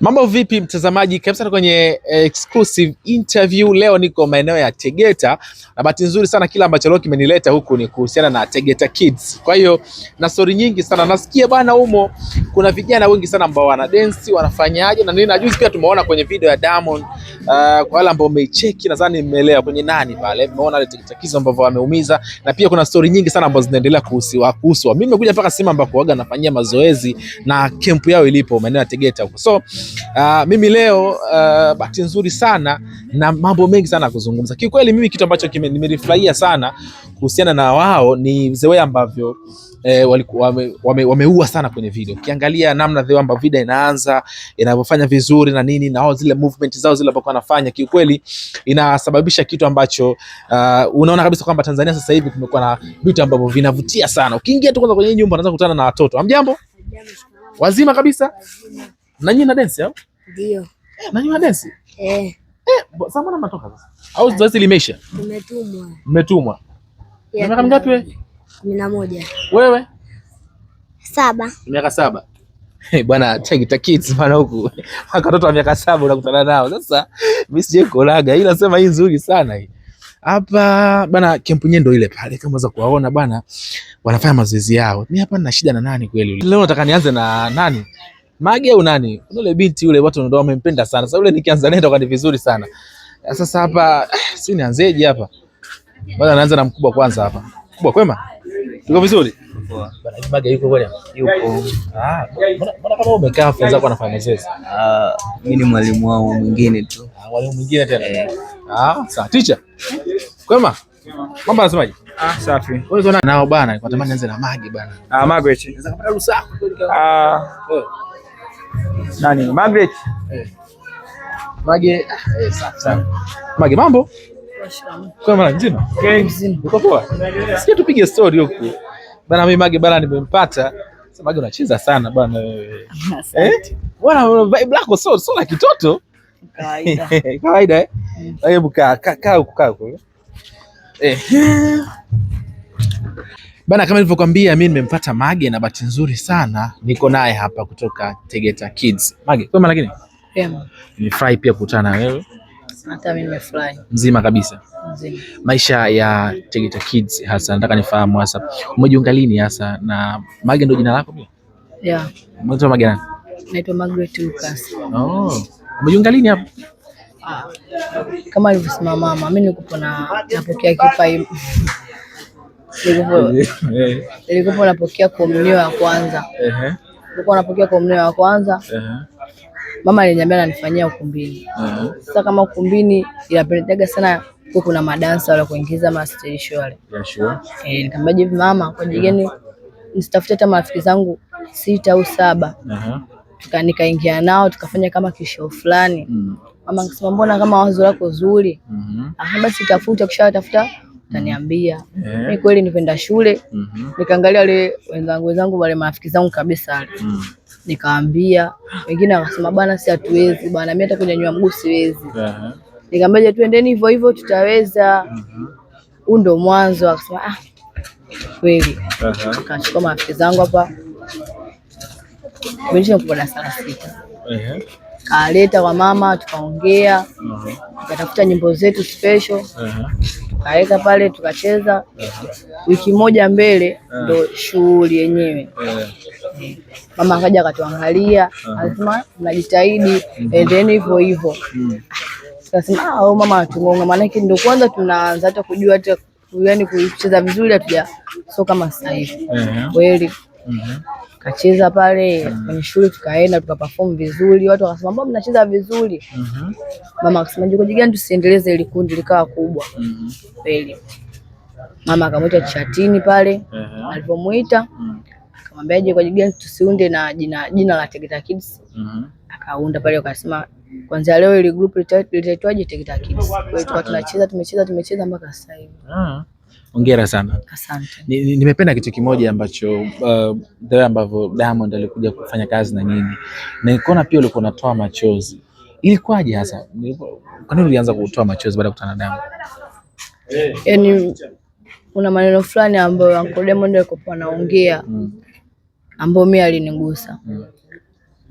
Mambo vipi mtazamaji, kabisa sana kwenye eh, exclusive interview. Leo niko maeneo ya Tegeta na bahati nzuri sana kila ambacho leo kimenileta huku ni kuhusiana na Tegeta Kids. Kwa hiyo na story nyingi sana nasikia bwana, humo kuna vijana wengi sana ambao wana dance wanafanyaje na nini, na pia tumeona kwenye video ya Diamond. Uh, kwa wale ambao umeicheki nadhani mmeelewa kwenye nani pale, mmeona ile Tegeta Kids ambao wameumiza, na pia kuna story nyingi sana ambazo zinaendelea kuhusiwa kuhusu Mimi nimekuja mpaka Simba ambako waga nafanyia mazoezi na kempu yao ilipo maeneo ya Tegeta huko so Uh, mimi leo uh, bahati nzuri sana na mambo mengi sana kuzungumza. Kikweli mimi kitu ambacho nimerifurahia sana kuhusiana na wao ni zewe ambavyo eh, walikuwa wame, wameua sana kwenye video. Ukiangalia namna zewe ambavyo video inaanza inavyofanya vizuri na nini na wao zile movement zao zile ambazo wanafanya kiukweli inasababisha kitu ambacho uh, unaona kabisa kwamba Tanzania sasa hivi kumekuwa na vitu ambavyo vinavutia sana. Ukiingia tu kwanza kwenye nyumba unaanza kukutana na watoto. Hamjambo? Wazima kabisa? Wazima. Na nyinyi na dance au? Eh? Ndio. Na nyinyi na dance? Eh. Eh, sasa mbona mnatoka sasa? Au ah. zoezi limeisha? Tumetumwa. Mmetumwa. Na miaka mingapi wewe? Kumi na moja. Wewe? Saba. Miaka saba. Hey, bwana Chagita Kids bwana, huku watoto wa miaka saba unakutana nao sasa. Mimi sije kolaga, ila sema hii nzuri sana hii hapa bwana. kempu nyendo ile pale, kama unaweza kuwaona bwana, wanafanya mazoezi yao. Mimi hapa nina shida na nani kweli? Leo nataka nianze na nani Mage au nani? yule binti yule watu ndio wamempenda sana. Sasa yule nikianza naye ndio vizuri sana. Sasa hapa eh, si nianzeje hapa? Bwana anaanza na mkubwa kwanza hapa. Mkubwa kwema? Tuko vizuri? Bwana Mage yuko kwani? Yuko. Ah, mbona kama umekaa funza zako anafanya mazoezi? Ah, mimi ni mwalimu wao mwingine tu. Ah, mwalimu mwingine tena. Ah, sawa teacher. Kwema? Mambo anasemaje? Ah, safi. Wewe unaona nao bana, natamani nianze na Mage bwana. Ah, Mage. Naweza kupata ruhusa? Ah. wewe nani Margaret eh. Mage, eh, safi eh, sana. Mage mambo? Kwa mara nzima. Okay, mzima. Uko poa? Sikia tupige story huko. Bana mimi Mage bana nimempata. Sasa Mage unacheza sana bana wewe. Eh? Bwana vibe lako so so la kitoto. Kawaida. Kawaida eh? Hebu kaa kaa huko kaa huko. Eh. Bana, kama nilivyokuambia mimi nimempata Mage na bahati nzuri sana niko naye hapa kutoka Tegeta Kids. Mage, kwema lakini? Kwema. Nimefurahi pia kukutana na wewe. Hata mimi nimefurahi. Mzima kabisa. Mzima. Maisha ya Tegeta Kids hasa nataka nifahamu hasa. Umejiunga lini hasa na Mage ndio jina lako pia? Yeah. Unaitwa Mage nani? Naitwa Margaret Lucas. Oh. Umejiunga lini hapa? Ah. Kama alivyosema mama, mimi nilikuwa na napokea kipa ilikuwa napokea komunio ya kwanza, nilikuwa napokea komunio ya kwanza, mama aliniambia ananifanyia ukumbini. Sasa kama ukumbini inapendaga sana kwa kuna madansa wala kuingiza ma stage show wale, Yeah, sure. Eh, nikamwambia hivi mama, kwa jigeni nisitafute hata marafiki zangu sita au saba Tuka nikaingia nao tukafanya kama kishow fulani. Mm. Mama akasema mbona kama wazo lako zuri, Mhm. Ah, basi tafuta, kisha tafuta taniambia eh. mm -hmm. kweli nipenda shule mm -hmm. Nikaangalia wale wenzangu wenzangu wale marafiki zangu kabisa wale mm Nikaambia wengine wakasema, bana, si hatuwezi bana, mimi hata kunyanyua mguu siwezi. uh -huh. tuendeni hivyo hivyo, tutaweza. uh mhm. -huh. Huu ndo mwanzo. Akasema ah, kweli. uh -huh. Kachukua marafiki zangu hapa, darasa la sita. uh kwa mama tukaongea mhm. tukatafuta nyimbo zetu special mhm. tukaweka pale tukacheza. Mhm. Wiki moja mbele ndo shughuli yenyewe. Mama akaja akatuangalia, anasema najitahidi endeni hivyo hivyo. Tukasema au ah, mama atungonga, maanake ndo kwanza tunaanza hata kujua hata yani kucheza vizuri, hatuja so kama sasa hivi kweli tukacheza pale mm. kwenye shule tukaenda tukaperform vizuri, watu wakasema mbona mnacheza vizuri mm -hmm. Mama akasema jukumu gani tusiendeleze ile kundi likawa kubwa mm -hmm. Kweli mama akamwita chatini pale mm -hmm. Alipomwita akamwambia je, kwa gani tusiunde na jina jina la Tegeta Kids mm -hmm. Akaunda pale akasema kwanza leo ile group litaitwaje? Tegeta Kids. Kwa hiyo tukacheza tumecheza tumecheza mpaka sasa hivi. Ah. Hongera sana. Asante. Nimependa ni kitu kimoja ambacho uh, the way ambavyo Diamond alikuja kufanya kazi na nyinyi, na nikaona pia ulikuwa unatoa machozi. Ilikuwaje hasa? Kwa nini ulianza kutoa machozi baada ya kukutana na Diamond? Eh. Yaani kuna maneno fulani ambayo Uncle Diamond alikuwa anaongea mm. ambayo mimi alinigusa mm.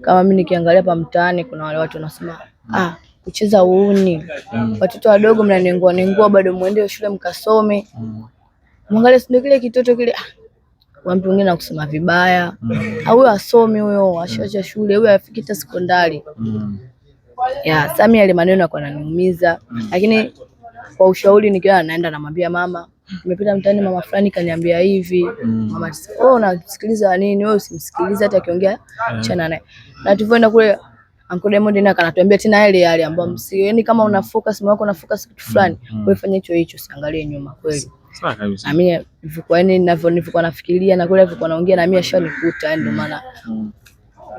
kama mimi nikiangalia hapa mtaani kuna wale watu wanasema mm. ah kucheza uuni mm. Watoto wadogo mnanengua nengua bado, muende shule mkasome mm. Mwangalie sindo kile kitoto kile ah, wamtu wengine na kusema vibaya mm. Au asome huyo ashacha mm. shule huyo afiki hata sekondari mm. Ya Sami yale maneno yako yananiumiza mm. Lakini kwa ushauri nikiwa naenda namwambia mama, nimepita mtaani, mama fulani kaniambia hivi mm. Mama wewe oh, unasikiliza nini? Wewe usimsikilize hata akiongea, yeah. Chana naye na tulivyoenda kule Uncle Diamond naye kanatuambia tena yale yale ambayo mm. msio, yani kama una focus mwako na focus kitu fulani, mm. wewe fanya hicho hicho, usiangalie nyuma kweli. Sawa kabisa. Na mimi nilikuwa yani nilikuwa nafikiria na kule nilivyokuwa naongea na mimi ashanikuta yani ndio maana mm.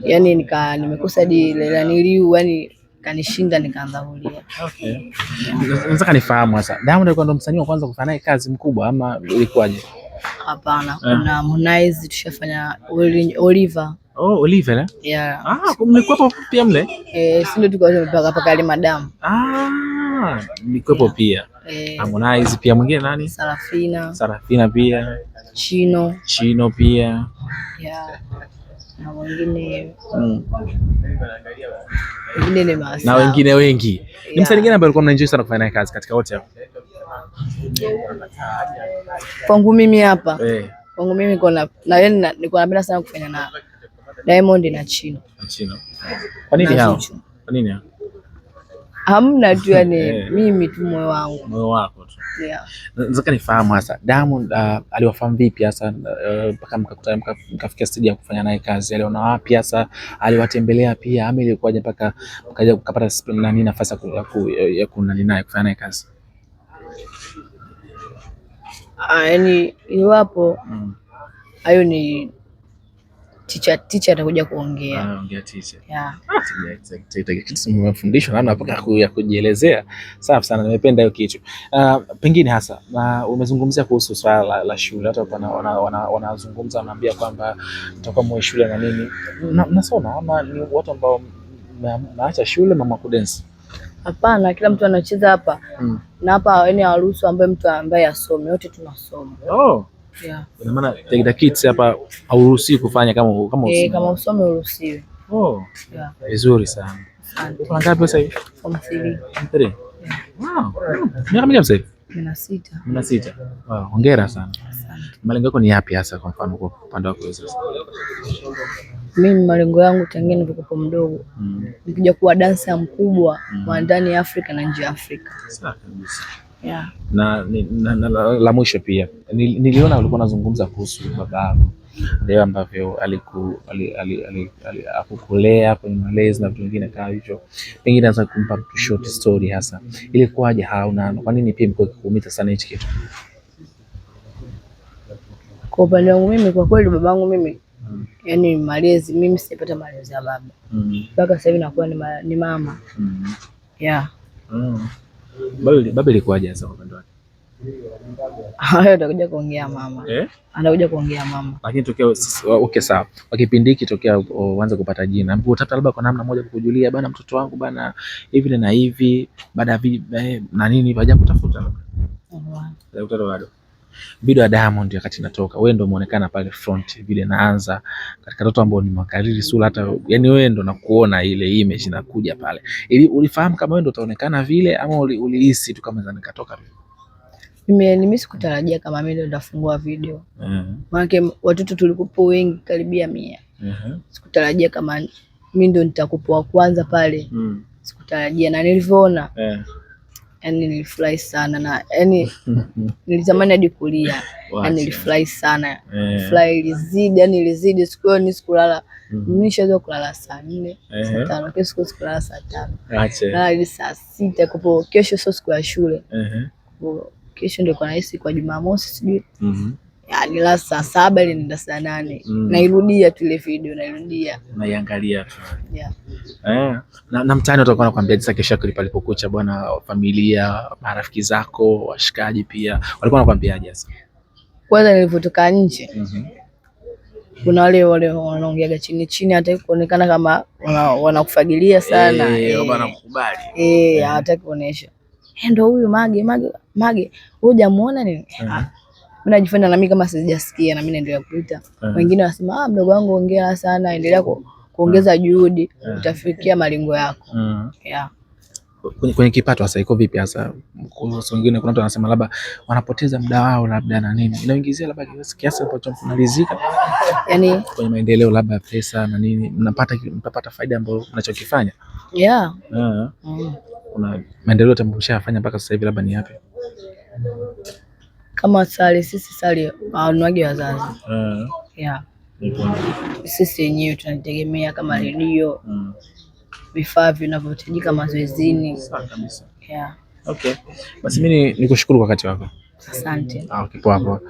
yani nika nimekosa di lela niliu yani kanishinda nikaanza kulia. Okay. Nataka nifahamu sasa. Diamond alikuwa ndo msanii wa kwanza kufanya naye kazi mkubwa ama ilikuwaje? Hapana, eh. kuna Harmonize tushafanya Oliver Oh, Olive, eh? Yeah. Ah, mlikuwepo pia mle? Eh, si ndio tulikuwa mpaka paka ile madam. Ah, mlikuwepo pia. Eh. Harmonize pia mwingine nani? Sarafina. Sarafina pia. Chino. Chino pia. Yeah. Na mwingine mm. Mwingine ni Na wengine wengi. Yeah. Ni msanii gani ambaye alikuwa mnaenjoy sana kufanya naye kazi katika wote hapo? Kwangu mimi hapa. Eh. Kwangu mimi niko na na yeye niko napenda sana kufanya na Diamond na Chino. Chino. Kwa nini hao? Kwa nini hao? Hamna tu yani eh. mimi tu moyo wangu. Moyo wako tu. Yeah. Nataka nifahamu hasa Diamond uh, aliwafahamu vipi hasa ah, mpaka uh, mkakutana mkafikia stage ya kufanya naye kazi. Aliona wapi hasa? Aliwatembelea pia ama ilikuwaje mpaka mkaja kupata nani nafasi ya ku, ya kunani naye kufanya naye kazi? Ah, yani iwapo mm. hayo mm. ni Ticha ticha atakuja kuongea. Ah, Mafundisho naona mpaka ya kujielezea. Safi sana, nimependa hiyo kitu. Ah, pengine hasa umezungumzia kuhusu swala la shule, hata wanazungumza wanaambia kwamba mtakuwa mwe shule na nini, mnasoma ama ni watu ambao naacha shule mama kudensi? Hapana, kila mtu anacheza hapa hmm. na hapa, yaani hawaruhusu ambaye mtu ambaye asome, wote tunasoma. Oh yeah. Ina maana Tegeta Kids hapa hauruhusiwi kufanya kama kama usome. Eh, kama usome uruhusiwi. Oh. Yeah. Vizuri sana. Asante. Kuna ngapi sasa hivi? Form 3. 3. Wow. Miaka mingapi sasa hivi? Mna sita. Mna sita. Wow, hongera sana. Malengo yako ni yapi hasa kwa mfano kwa upande wako wewe sasa? Mimi malengo yangu tangu nilipokuwa mdogo mm. nikija kuwa dansa mkubwa wa mm. ndani ya Afrika na nje ya Afrika. Sawa kabisa yeah. Na, na, na la, la mwisho pia niliona ulikuwa unazungumza kuhusu baba leo ambavyo aliku, ali, ali, ali, ali, kwenye malezi na vitu vingine kama hivyo, pengine naweza kumpa mtu short story, hasa ilikuwaje? Haunano, kwa nini pia mko kikuumiza sana hichi kitu? Kwa upande wangu mimi, kwa kweli babangu mimi mm. yani malezi mimi sijapata malezi ya baba hmm. mpaka mm. sasa hivi nakuwa ni, ma, ni mama mm. yeah hmm. Baba ilikuwaje sasa upande wake? Hayo atakuja kuongea mama eh? Anakuja kuongea mama, lakini tokea okay, sawa kwa kipindi hiki tokea uanze kupata jina utata, labda kwa namna moja kukujulia bana, mtoto wangu bana, hivi na hivi, baada ya eh, na nini, baada ya kutafuta bado video ya Diamond wakati natoka, wewe ndio umeonekana pale front vile naanza katika toto ambao ni makariri sura, hata yani wewe ndio nakuona ile image inakuja pale. Ili ulifahamu kama wewe ndio utaonekana vile ama ulihisi tu kama katoka vile? Mimi mimi sikutarajia kama mimi ndio nitafungua video. Mm. Uh-huh. Maana watoto tulikupo wengi karibia mia. Uh-huh. Sikutarajia kama mimi ndio nitakupo kwanza pale. Hmm. Sikutarajia na nilivyoona. Eh yani nilifurahi sana na yani nilitamani hadi kulia yani nilifurahi sana yeah. Eh. ilizidi yani ilizidi, siku hiyo ni sikulala mm -hmm. Nishaweza kulala saa nne saa tano kesho, siku sikulala saa tano lala ili saa sita kupo kesho, sio siku ya shule Kesho ndio kwa nahisi kwa Jumamosi sijui mm -hmm. Yaani la saa saba nenda saa nane mm. Nairudia tu ile video nairudia naiangalia tu yeah. Eh, na, na mtaani watakuwa wanakuambia sasa kesho yako palipokucha bwana, familia marafiki zako washikaji pia walikuwa wanakuambiaje? Sasa kwanza nilivyotoka nje mm -hmm. Kuna wale wale wanaongeaga chini chini, hata kuonekana kama wanakufagilia sana eh, eh. wanakukubali eh, eh, hawataki kuonesha eh, ndio huyu Mage Mage Mage, hujamuona nini? Mhm mimi najifanya na mimi kama sijasikia na mimi naendelea kupita. Eh. Wengine wanasema ah, mdogo wangu ongea sana, endelea kuongeza eh. juhudi, eh. utafikia malengo yako. Mm. Yeah. Kwenye kipato sasa iko vipi hasa? Wengine kuna mtu anasema labda wanapoteza muda wao labda na nini, inaingizia labda kiasi ambacho mnaridhika, yani kwenye maendeleo labda pesa na nini, mnapata mtapata faida ambayo mnachokifanya. Yeah. Mm. Kuna maendeleo ambayo mshafanya mpaka sasa hivi labda ni yapi? kama sare, sisi sare ah, wanuage wazazi uh, eh. yeah. Okay. Sisi wenyewe tunajitegemea kama mm. redio mm. vifaa mm. vinavyohitajika mazoezini yeah. Okay. Basi mimi nikushukuru kwa wakati wako. Asante. Ah, okay, poa poa.